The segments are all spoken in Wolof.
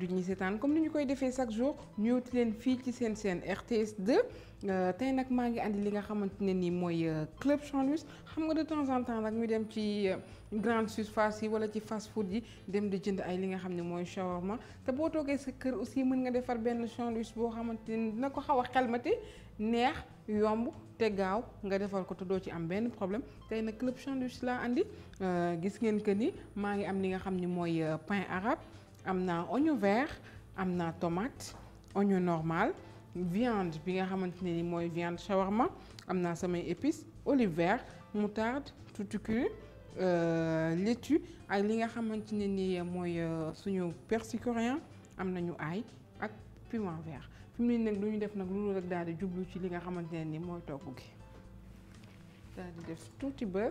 du ñu seetaan comme ni ñu koy defee chaque jour ñëwti leen fii ci seen seen RTS 2 tey nag maa ngi andi li nga xamante ne nii mooy euh, club sandwich xam nga de temps en temps nag ñu dem ci euh, grande surface yi wala ci fast food yi dem di jënd ay li nga xam ne mooy shawarma te boo toogee sa kër aussi mën nga defar benn sandwich boo xamante ne dina ko xaw a xelmati neex yomb te gaaw nga defar ko te doo ci am benn problème tey nag club sandwich laa andi euh, gis ngeen que ni maa ngi am li nga xam ni mooy pain arabe amna oignon vert tomate oignon normal viande bi nga xamanteni viande shawarma amna épices vert moutarde euh laitue ak li nga ni euh, suñu persil coréen ak piment vert def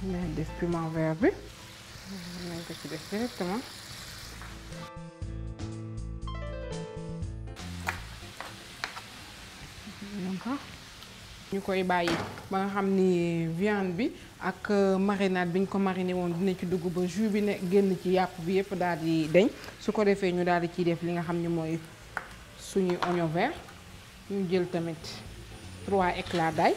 ngay def piment vert bi ngay ko ci def directement ñu koy bàyyi ba nga xam ni viande bi ak euh, marinade biñ ko mariné woon dina ci dugg ba jus bi ne génn ci yàpp bi yépp daal di deñ su ko defee ñu daal di ciy def li nga xam ni mooy suñuy oignon vert ñu jël tamit trois éclats d'ail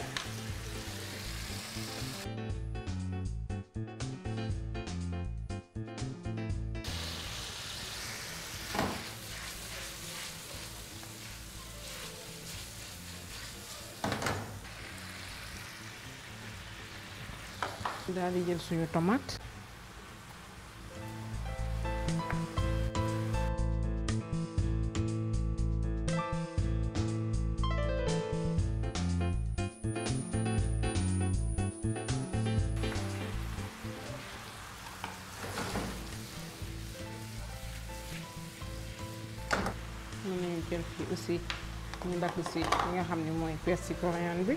daal di jël suñu tomate. mën nañu jël fii aussi ñu dagg si nga xam ni mooy ci coriandre bi.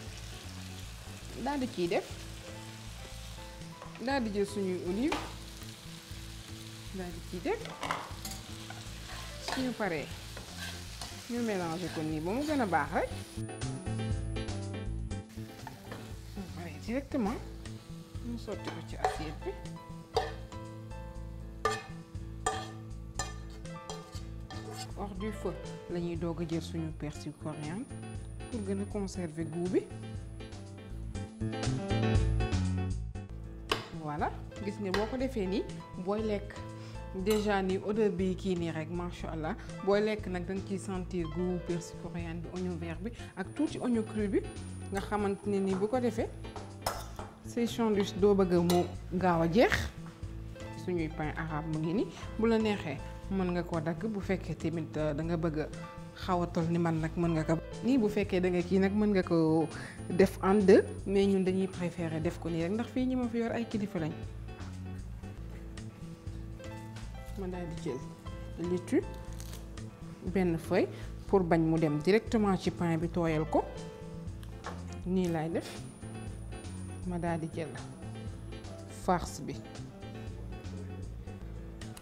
daal ci def daal jël olive ci def suñu ñu ko directement ñu sorti ko ci assiette bi du feu la suñu persil coréen pour gëna conserver goût voilà gis nga boko defé ni boy lek déjà ni odeur bi ki ni rek machallah boy lek nak nag da nga ciy sentir goût persil coréen bi oignon vert bi ak tuuti oignon cru bi nga xamanteni ni bu ko defé say sandwich do bëgg mo gawa a jeex suñuy pain arabe mu ngi ni bu la nexé mën nga ko dag bu fekkee tamit euh, da nga bëgg xaw a toll ni man nag mën nga ko. nii bu fekkee da nga kii nag mën nga ko def en deux mais ñun dañuy préférer def ko nii rek ndax fii ñi ma fi yor ay kilifa lañ. ma daldi di jël laitue benn feuille pour bañ mu dem directement ci pain bi tooyal ko nii laay def ma daal di jël farce bi.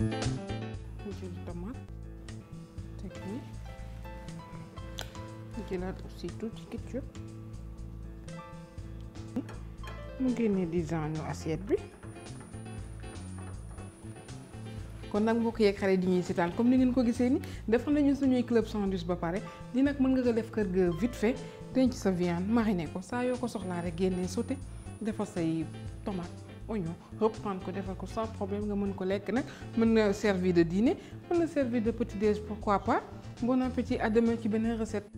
jël tomate teg ni jëlaat aussi tuuti mu génnee design u assiette bi kon nag mbokk yeeg xale di ñuy seetaan comme ni ngeen ko gisee ni defal nañu suñuy club sandwich ba pare li nag mën nga ko def kër ga vite fait denc sa viande mariné ko saa yoo ko soxlaa rek génnee sauté defal say tomate oignon reprendre ko defal ko sans problème nga mën ko lekk nak mën na servir de dîner mën na servir de petit déj pourquoi pas bon appétit à demain ci beneen recette.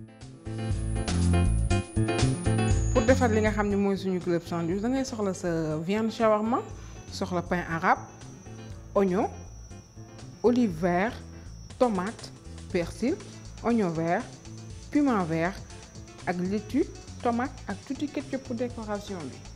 pour defar li nga xamni moy suñu club sandwich da ngay soxla sa viande shawarma soxla pain arabe oignon olive vert tomate persil oignon vert piment vert ak laitue tomate ak tuuti ketchup pour décoration bi.